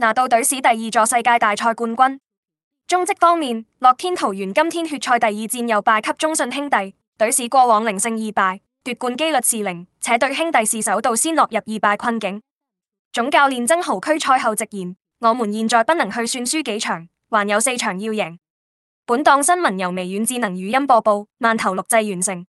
拿到隊史第二座世界大賽冠軍。中職方面，樂天桃園今天血賽第二戰又敗給中信兄弟，隊史過往零勝二敗，奪冠幾率是零，且對兄弟是首度先落入二敗困境。總教練曾豪駒賽後直言：我們現在不能去算輸幾場，還有四場要贏。本檔新聞由微軟智能語音播報，慢頭錄製完成。